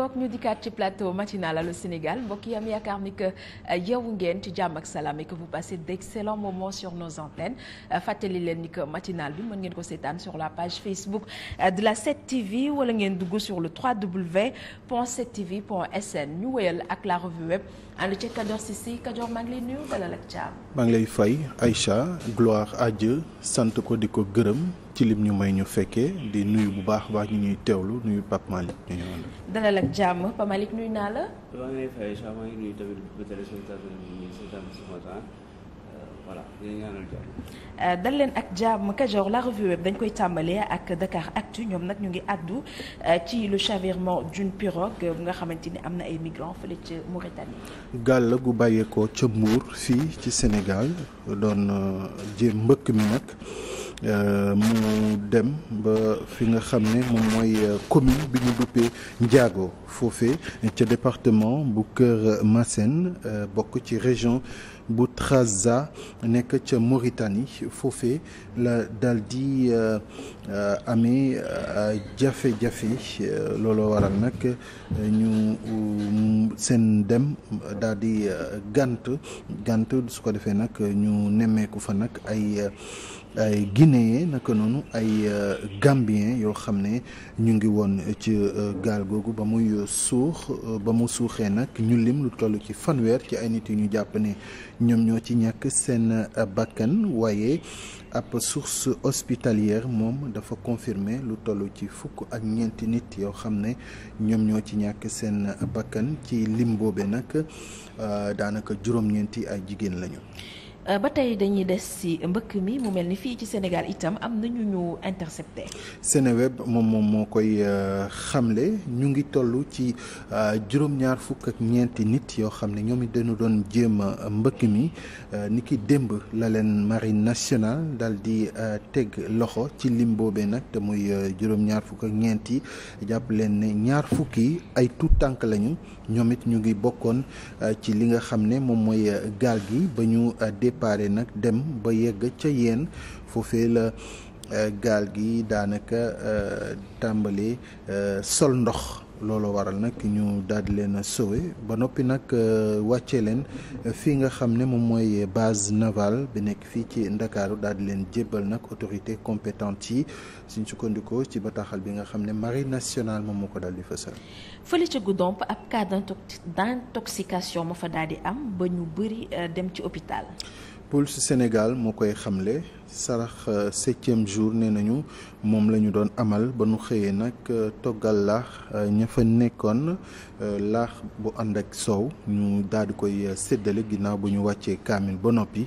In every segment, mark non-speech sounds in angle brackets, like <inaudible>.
ngoog ñu dikkaat ci plateau matinal Allô Sénégal mbokk yi am yaakaar ni que euh, yeewu ngeen ci jàmm ak salaam et que vous passez d'excellents moments sur nos antennes euh, fàttali leen ni que matinal bi mën ngeen ko seetaan sur la page Facebook euh, de la 7TV wala ngeen dugg sur le www.7tv.sn ñu wéyal ak la revue web ànd ci Kador Sissi Kador maa ngi lay nuyu dalal ak Thiam. maa ngi lay fay Aïcha gloire à Dieu sant ko di ko gërëm. ci lim ñu may ñu fekkee di nuyu bu baax baax ñu ñuy teewlu nuyu Pape Malick ñu ñu dalal ak jàmm Pape nuyu naa la. maa ngi lay fay euh, euh, leen ak jàmm Kajoor la revue web dañ koy tàmbalee ak Dakar Actu ñoom nag ñu ngi àddu euh, ci le chavirement d'une pirogue bu nga xamante ni am na ay migrants fële ca Mauritanie. gàll gu bàyyeekoo ca Mbour fii ci Sénégal doon jéem mbëkk mi nag. Euh, mu dem ba fi nga xam ne moom mooy euh, commune bi ñu duppee Ndiago foofee ca département bu Kër Massène euh, bokk ci région bu Trarza nekk ca Mauritanie foofee la dal di amee jafe-jafe looloo waral nag ñu seen dem daal di gànt gànt su ko defee nag ñu nemmeeku fa nag ay ay guinéen naka noonu ay euh, gambien yoo xam ne ñu ngi woon ci euh, gaal googu ba muy suux euh, ba mu suuxee nag ñu lim lu toll ci fanweer ci ay nit yu ñu jàpp ne ñoom ñoo ci ñàkk seen bakkan waaye ab source hospitalière moom dafa confirmer lu toll ci fukk ak ñeenti nit yoo xam ne ñoom ñoo ci ñàkk seen bakkan ci lim boobe nag daanaka juróom-ñeenti ay jigéen lañu. Euh, ba tey dañuy des ci mbëkk mi mu mel ni fii ci senegal itam am na ñu ñu intercepté. Seneweb moom moom moo koy euh, xamle ñu ngi toll ci euh, juróom-ñaar fukk ak ñeenti nit yoo xam ne ñoom it dañu doon jéem mbëkk mi ni ki démb la leen marine nationale daal di teg loxo ci lim nag muy juróom jàpp leen ne ñaar fukk yi ay tout tànk lañu ñoom ñu ngi bokkoon ci li nga xam ne moom mooy gaal gi ba ñu déparé nag dem ba yegg ca yeen foofee la euh, gaal gi daanaka euh, tàmbali euh, sol ndox looloo waral nag ñu daal di leen sauvé ba noppi nag euh, wàccee leen fii nga xam ne moom mooy base navale bi nekk fii ci Ndakaaru daal di leen jébbal nag autorité compétente yi suñ sukkandikoo ci bataaxal bi nga xam ne marie nationale moom moo ko daal di fësal. fële ca Goudomp ab cas d'intoxication ma fa daal di am ba ñu bëri euh, dem ci hôpital. Pulse Sénégal moo koy xamle sarax euh, septième jour nee nañu moom la ñu doon amal ba nu xëyee nag euh, toggal laax euh, ña fa nekkoon laax bu ànd ak soow ñu daal koy séddale ginnaaw bu ñu wàccee kaamil ba noppi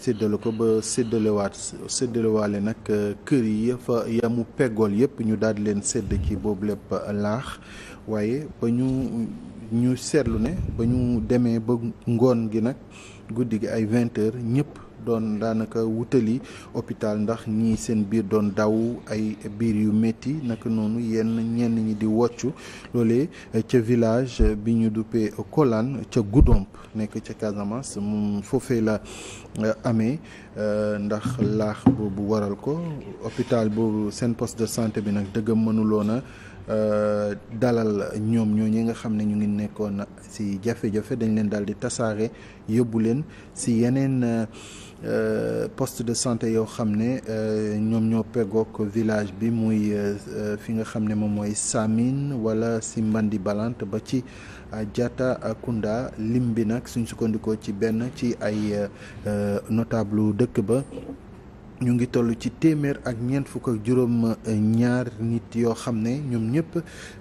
séddale ko ba séddalewaat séddalewaale nag kër yi fa yamu peggool yépp ñu daal di leen sédd ci boobu lépp laax waaye ba ñu ñu seetlu ne ba ñu demee ba ngoon gi nag guddi gi ay vingt heures ñëpp doon daanaka wutali hôpital ndax ñii seen biir doon daw ay biir yu métti naka noonu yenn ñenn ñi di woccu loolee ca village bi ñu duppee Kolane ca Goudomp nekk ca Casamance moom foofee la euh, amee euh, ndax laax boobu waral ko hôpital boobu seen post de santé bi nag dëgg mënuloon a Euh, dalal ñoom ñoo ñi nga xam ne ñu ngi nekkoon ci jafe-jafe dañ leen daal di tasaare yóbbu leen ci yeneen euh, euh, poste de santé yoo xam ne ñoom ñoo peggook village bi muy fi nga xam ne moom mooy Samin wala ci Mbandi balant ba ci Diatta Kounda lim bi nag suñ sukkandikoo ci benn ci ay notable dëkk ba ñu ngi toll ci téeméer ak ñeent fukk ak juróom eh, ñaar nit yoo xam ne ñoom ñëpp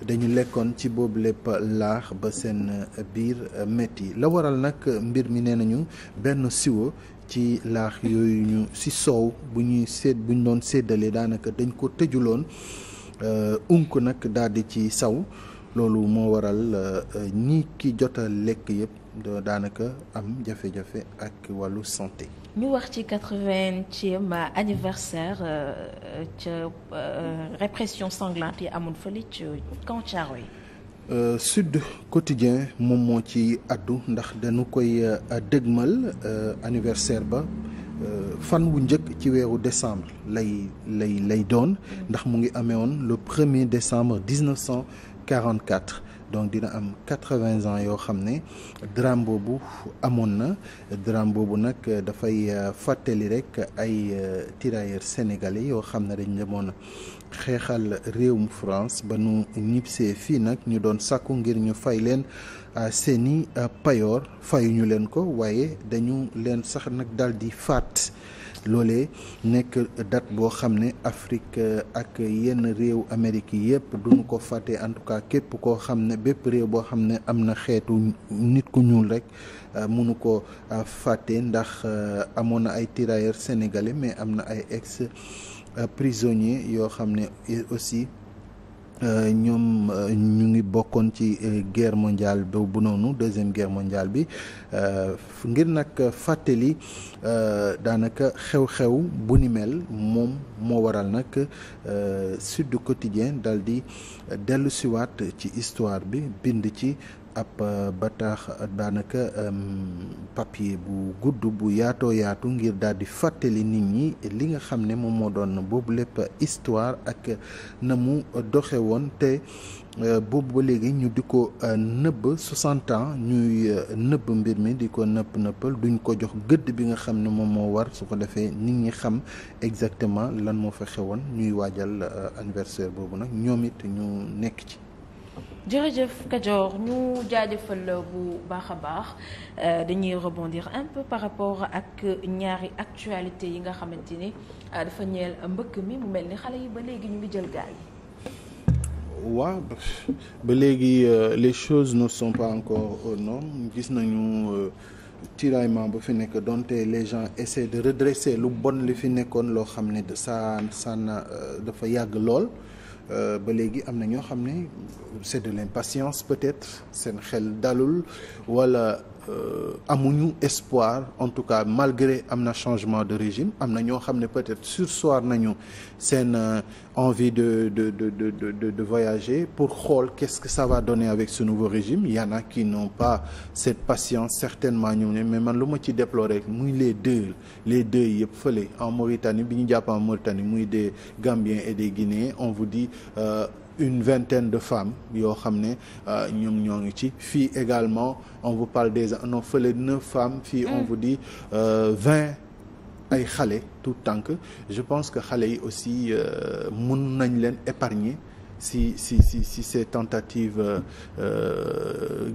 dañu lekkoon ci boobu lépp laax ba seen eh, biir eh, metti la waral nag mbir mi nee nañu benn siwo ci laax yooyu ñu si soow bu ñuy seet bu ñu doon séddalee daanaka dañ ko tëjuloon unk nag daal ci saw loolu moo waral euh, ñi ki jot a lekk yëpp daanaka am jafe-jafe ak wàllu santé. ñu wax ci quatre-vingtième anniversaire euh, ca euh, répression sanglante yi amul fële ci camp Thiaroye Euh, Sud Quotidien moom moo ci addu ndax dañu koy dëgmal anniversaire ba fan wu njëkk ci weeru décembre lay lay lay doon mm. ndax mu ngi amee woon premier décembre 44 donc dina am quatre 80 ans yoo xam ne drame boobu amoon na drame boobu nag dafay euh, fàttali rek ay euh, tirailleurs sénégalais yoo xam ne dañ demoon xeexal réewum France ba nu ñibbisee fii nag ñu doon sàkku ngir ñu fay leen euh, seeni payoor fayuñu leen ko waaye dañu leen sax nag daal di faat loole nekk dat boo xam ne Afrique euh, ak yenn réew Amérique yëpp duñu ko fàtte en tout cas képp koo xam ne bépp réew boo xam ne am na xeetu nit ku ñuul rek euh, munu ko euh, fàtte ndax amoon na ay tirailleurs sénégalais mais am na ay ex prisonniers yoo xam ne aussi ñoom ñu ngi bokkoon ci guerre mondiale boobu noonu deuxième guerre mondiale bi Euh, ngir nag fàttali euh, daanaka xew-xew bu ni mel moom moo waral nag euh, Sud Quotidien dal di dellu ci histoire bi bind ci ab bataax daanaka papier bu gudd bu yaatoo yaatu ngir daal fàttali nit ñi li nga xam ne moom moo doon boobu lépp histoire ak na mu doxe te Euh, boobu ba léegi ñu di ko euh, nëbb 60 ans ñuy euh, nëbb mbir mi di ko nëpp nëppal duñ ko jox gëdd bi nga xam ne moom moo war su ko defee nit ñi xam exactement lan moo fa xewoon ñuy waajal anniversaire boobu nag ñoom it ñu nekk ci. jërëjëf Kajoor ñu jaajëfal bu baax a baax dañuy rebondir un peu par rapport ak ñaari actualité yi nga xamante ni dafa ñeel mbëkk mi mu mel ni xale yi ba léegi ñu ngi jël gaal yi. waaw ba léegi euh, les choses ne sont pas encore aux normes gis nañu euh, tiraillement ba fi nekk donte les gens essaient de redresser lu bon li fi nekkoon loo xam ne saa sa sànna dafa yàgg lool euh, ba léegi am na ñoo xam ne c'est de l'impatience peut-être seen xel dalul wala Euh, amuñu espoir en tout cas malgré am na changement de régime am na ñoo xam ne peut-être sursoir nañu seen euh, envie de de de de de de voyager pour xool qu'est-ce que ça va donner avec ce nouveau régime y en a qui n'ont pas cette patience certainement ñu ne mais man lu ma ci déplorer muy les deux les deux yëpp fële en Mauritanie bi ñu jàpp en Mauritanie muy des Gambiens et des Guinéens on vous dit. Euh, une vingtaine de femmes yoo xam ne euh, ñoom ñoo ngi ci fii également on vous parle des non fële neuf femmes fii on mm. vous dit euh, vingt ay xale tout tànk je pense que xale yi aussi euh, mun nañ leen épargner si si si si ces tentatives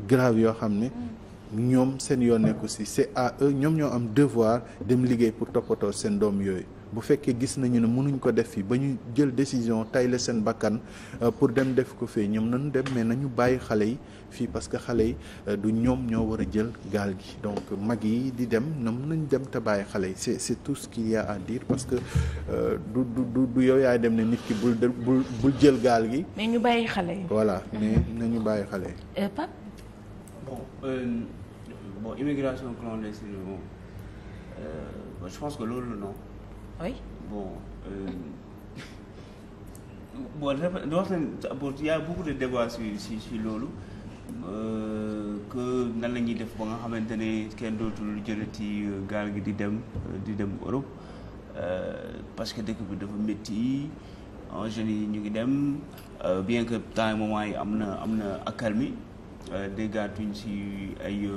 graves yoo xam ne mm. ñoom seen yoon nekku si c'est à eux ñoom ñoo am devoir dem liggéey pour toppatoo seen doom yooyu bu fekkee gis nañu ne mënuñ ko def fii ba ñu jël décision tay la seen bakkan euh, pour dem def ko fii ñoom nañu dem mais nañu bàyyi xale yi fii parce que xale yi euh, du ñoom ñoo war a jël gaal gi donc mag yi di dem ñoom nañ dem te bàyyi xale yi c'est c'est tout ce qu'il y a à parce que euh, du du du yaay dem ne nit ki bul bul bul jël gaal gi. mais ñu bàyyi xale yi. voilà mm-hmm. mais nañu bàyyi xale yi. Pape. bon euh, bon immigration loolu non. boobu bon. Euh... <laughs> bon wax nañ bon y' a beaucoup si si loolu euh, que nan la ñuy def ba nga xamante ne kenn dootul jëlati euh, gaal gi di dem euh, di dem Europe parce que dëkk bi dafa métti jeunes yi ñu ngi dem bien que temps moment yi am na am na accalmie déggaatuñ si ay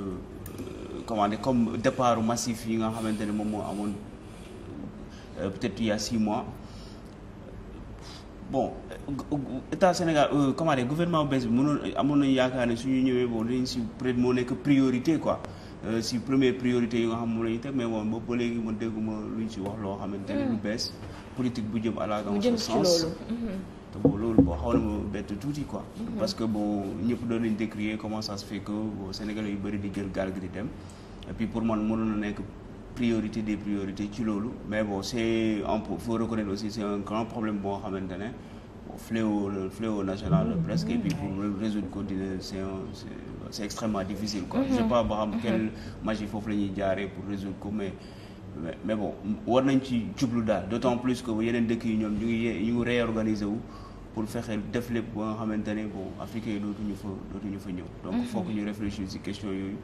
comment dire comme départ massif yi nga xamante ne moom moo amoon. Euh, peut-être il y a six mois bon état Sénégal euh, comment dire gouvernement bu bees bi mënoon amoon nañu yaakaar ne suñu ñëwee bon dañ si peut-être moo nekk priorité quoi euh, si première priorité yi nga xam moom la ñu teg mais bon boobu ba léegi ma dégguma lu ñu si wax loo xam ne lu hmm. bees politique bu jëm à la dans ce sens hmm. te bon loolu boo xaw na ma bett tuuti quoi hmm. parce que boo ñëpp doon nañ décrier comment ça se fait que Sénégalais yu bëri di jël gaal gi dem et puis pour man mënoon nekk priorité des priorités ci loolu mais bon c'est on faut reconnaître aussi c'est un grand problème boo xamante ne fléau le fléau national mmh, presque et puis mm-hmm. pour résoudre ko dina c'est c'est extrêmement difficile quoi mm-hmm. je sais pas ba mm-hmm. foofu la ñuy jaaree pour résoudre ko mais mais bon war nañ ci jublu daal d'autant plus que yeneen dëkk yi ñoom ñu ngi ñu ngi réorganiser wu pour fexe def lépp ba nga xamante ne bon africains yi dootuñu fa dootuñu fa ñëw donc faut que ñu réfléchir ci question yooyu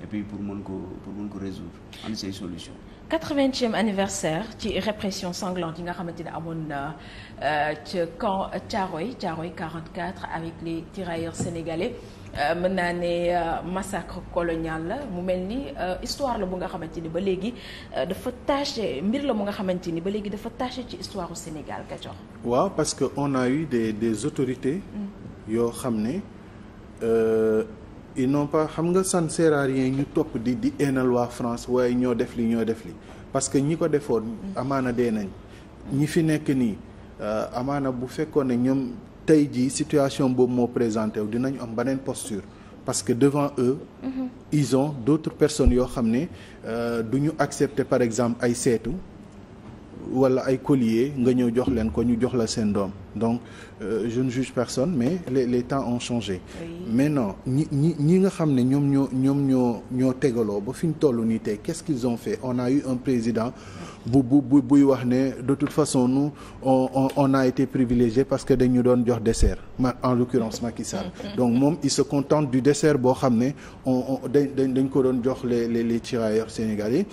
et puis pour mën ko pour mën ko résoudre say solution quatre-vingtième anniversaire ci répression sanglante yi nga xamante ne amoon na euh, ca camp Thiaroye Thiaroye 44 avec les tirailleurs sénégalais euh, mën naa ne euh, massacre colonial la mu mel ni histoire la bu nga xamante ni ba léegi dafa taché mbir la mu nga xamante ni ba léegi dafa taché ci histoire u Sénégal Kajoor waaw parce que on a eu des autorités mm. yoo xam ne ils pas xam nga ça ne sert ñu topp di di eenal waa France waaye ñoo def li ñoo def li parce que ñi ko defoon amaana dee nañ ñi fi nekk nii euh, amaana bu fekkoon ne ñoom tey jii situation boobu moo présenté wu dinañ am beneen posture parce que devant eux mm -hmm. ils personnes yoo xam ne euh, du ñu accepter par exemple ay seetu walla ay collier nga ñëw jox leen ko ñu jox la seen doom donc euh, je ne juge personne mais les les temps ont changé. mais non ñi ñi ñi nga xam ne ñoom ñoo ñoom ñoo ñoo tegaloo ba fi ñu toll nii tey qu'est-ce qu'ils ont fait on a eu un président bu bu bu buy wax ne de toute façon nous on on, on a été privilégié parce que dañu doon jox dessert ma en l'occurrence Macky Sall. Mm-hmm. donc moom il se contente du dessert boo xam ne on on dañ dañ ko doon jox les les les tirailleurs sénégalais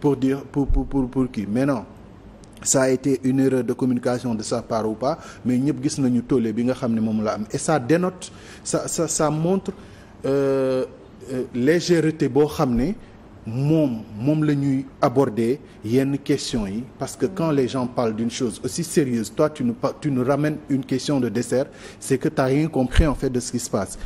pour dire pour pour pour pour kii mais non. ça a été une erreur de communication de sa part ou pas mais ñëpp gis nañu tollé bi nga xam ne moom la am et ça dénote ça ça ça montre euh, euh, légèreté boo xam ne moom moom la ñuy aborder yenn question yi parce que quand les gens parlent d'une chose aussi sérieuse toi tu nous tu nous ramènes une question de dessert c'est que t'as rien compris en fait de ce qui se passe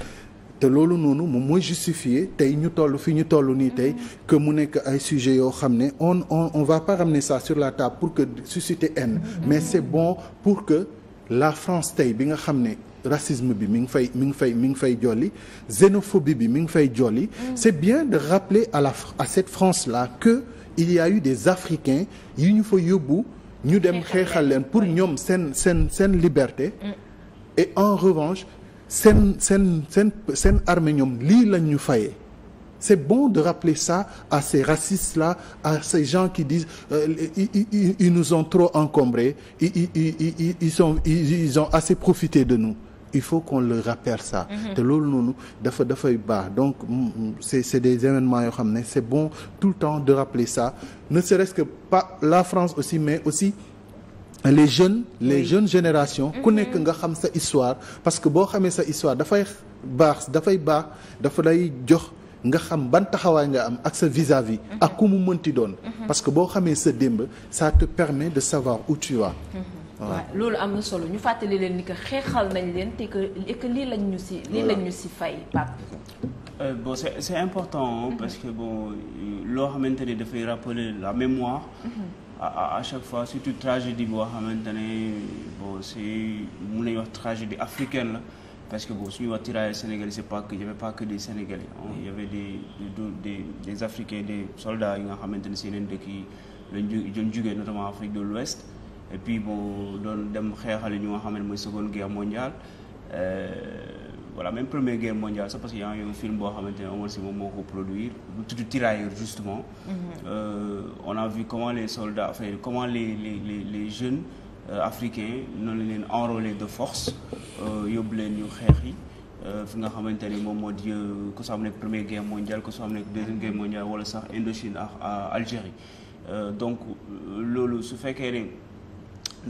te loolu noonu moom mooy justifier tey ñu toll fi ñu toll nii tey que mu nekk ay sujets yoo xam ne on on on va pas ramener ça sur la table pour que susciter en mais c'est bon pour que la France tey bi nga xam ne racisme bi mi ngi fay mi ngi fay mi ngi fay jolli xénophobie bi mi ngi fay jolli mm. c'est bien de rappeler à la à cette France-là que il y eu des Africains yi ñu fa yóbbu ñu dem xeexal leen pour ñoom seen seen seen liberté mm. et en revanche seen seen seen seen armée ñoom lii lañ ñu fayee c'est bon de rappeler ça à ces racistes là à ces gens qui disent euh, ils, ils, ils nous ont trop encombrés ils ils ils sont ils ont assez profité de nous. il faut qu'on le rappelle ça. Mhm. te loolu noonu dafa dafay baax donc mm, mm, c'est c'est des événements yoo xam ne c'est bon tout le temps de rappeler ça ne serait-ce que pas la France aussi mais aussi. Ah, les jeunes les oui. jeunes ku mm-hmm. nekk nga xam sa histoire parce que boo xamee sa histoire dafay baax dafay baax dafa lay jox nga xam ban taxawaay nga am ak sa vis-à-vis ak mm-hmm. ku mu mënti doon mm-hmm. parce que boo xamee sa démb sa te permet de savoir où tu vas waaw loolu am na solo ñu fàttali leen ni que xeexal nañ leen te que lii lañ si lii lañ ñu si fay Pape euh, loo xamante ne dafay rappeler la mémoire à chaque fois surtout tragédie boo xamante ne bon c'est mun nañu wax tragédie africaine la parce que bon suñuy wax tirailleurs sénégalais c'est pas que di avait pas que des sénégalais il y africains des soldats yi nga xamante ne si yeneen dëkk yi lañ ju doon jugee notamment Afrique de l'Ouest et puis bon doon dem xeexale ñu nga xam mooy seconde guerre mondiale. Euh, voilà même première guerre mondiale sax parce que y a film boo xamante ne Omar Sy moom moo ko produire bu tudd tirailleur justement mm-hmm. euh, on a vu comment les soldats enfin comment les jeunes euh, africain noonu leen enrôler de force euh, yóbbu leen ñu xeex yi euh, fi nga xamante ni moom moo di que soo am nekk première guerre mondiale que soo am nekk deuxième guerre mondiale wala sax Indochine ak Algérie donc loolu su fekkee ne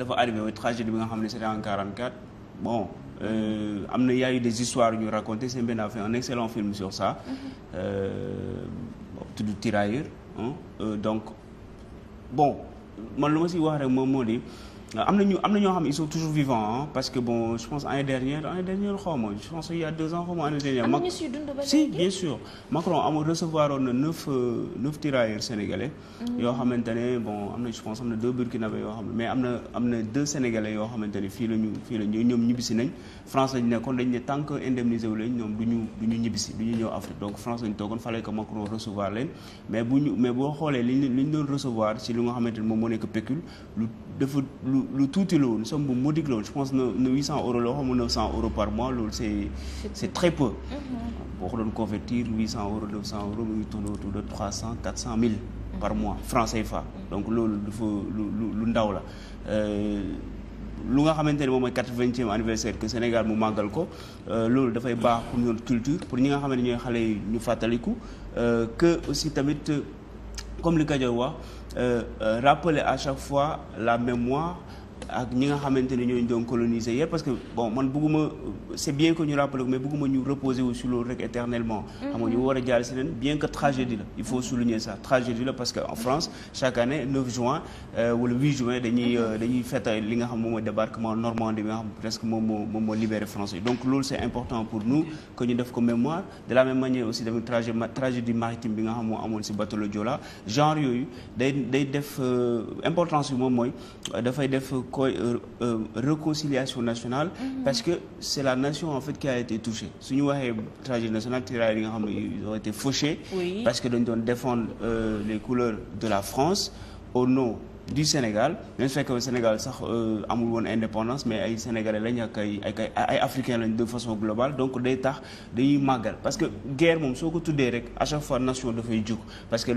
dafa arrivé wa tragédie bi nga xam ne c'était en 44 Euh, am na yaayu des histoires ñu raconté seen benn a fait un excellent film sur ça mm-hmm. euh, tudd tirailleur euh, donc bon man lu ma si wax rek moom moo di Euh, am na ñu am na ñoo xam ne ils sont toujours vivants parce que bon je pense année dernière année dernière xaw je pense il deux ans xaw ma année dernière. am na euh, neuf tirailleurs sénégalais. Mm-hmm. yoo xamante ne bon am na je deux burkinabé yoo xam ne mais am na fii la ñu fii la ñu ñoom ñibbisi nañ France lañ nekkoon dañ ne tant que indemnisé wu leen ñoom du ñu du ñu ñibbisi du ñu ñëw Afrique donc France lañ toogoon fallait que Macron recevoir leen mais bu ñu mais boo xoolee li ñu lu dafa lu. lu tuuti la woon somme bu modique la woon je pense ne huit cent euros la xamul neuf cent euros par mois loolu c' très peu. boo ko doon convertir huit cent euros neuf cent euros mu ngi tourné autour de trois cent quatre cent mille. par mois franc CFA. Mhm. donc loolu dafa lu lu lu ndaw la. Euh, lu nga xamante ne moom mooy quatre-vingtième anniversaire Sénégal mu màggal ko euh, loolu dafay baax pour notre culture pour ñi nga xam ne ñooy xale yi ñu fàttaliku euh, que aussi tamit comme li Kajoor wax Euh, euh, rappeler à chaque fois la mémoire ak ñi nga xamante ne ñooñu doon coloniser yëpp parce que bon man bëgguma c'est bien que ñu rappelé mais bëgguma ñu reposer wu loolu rek éternellement xam nga ñu mhm. war a jàll si leen bien que tragédie la il faut souligner ça tragédie la parce que en France chaque année juin euh, wala juin dañuy mhm. euh, fête li nga xam moom débarquement Normandie bi nga xam presque moom moo moom moo libéré français donc loolu c'est important pour nous que ñu def ko mémoire moo amoon si bateau le Joola genre yooyu day day def euh, importance bi moom mooy koy euh, euh, réconciliation nationale mm-hmm. parce que c'est la nation en fait qui a été touchée su ñu waxee tragédie nationale tirailleurs yi nga xam ne ils ont été fauchés parce que dañ doon défendre euh, les couleurs de la France au nom du Sénégal même su fekkee Sénégal sax amul woon indépendance mais ay sénégalais lañ ak ay ay ay lañ de façon globale donc day tax dañuy màggal parce que guerre moom soo ko tuddee rek à chaque fois nation dafay jug parce que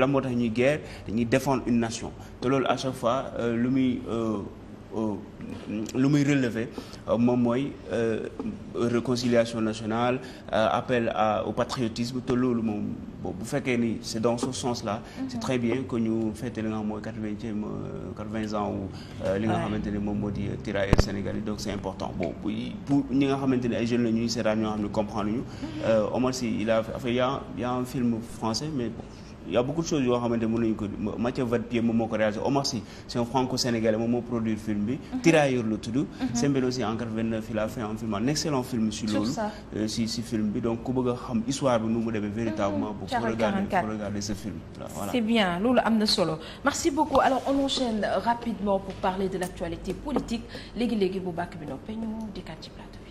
la moo tax ñuy guerre dañuy défendre une nation te loolu à chaque fois lu muy. Euh, lu muy relever euh, moom mooy euh, réconciliation nationale appel à au patriotisme te loolu moom bon bu fekkee ni c'est dans ce sens la mhm. c'est très bien que ñu fête li nga xam mooy quatre-vingtième quatre-vingts ans ou li nga xamante ne moom moo di tirailleurs sénégalais donc c'est important bon pour ñi nga xamante ne ay jeunes la ñuy seetaan ñoo xam ne comprendre ñu mhm. Omar il a fait ya y a un film français mais y a beaucoup de yoo xamante mënuñu ko Mathieu Vadepied moom moo ko réalisé Omar Sy c'est un franco-sénégalais moom moo produire film bi mhm. Tirailleur la tudd mhm. Sembène aussi en 89 il a fait un film film si loolu euh, si si film bi donc ku bëgg xam histoire bi nu mu demee véritablement pour mmh. regarder pour regarder ce film c'est bien loolu am na solo merci beaucoup alors on enchaîne rapidement pour parler de l'actualité politique léegi-léegi bu bàkk bi noppee ñu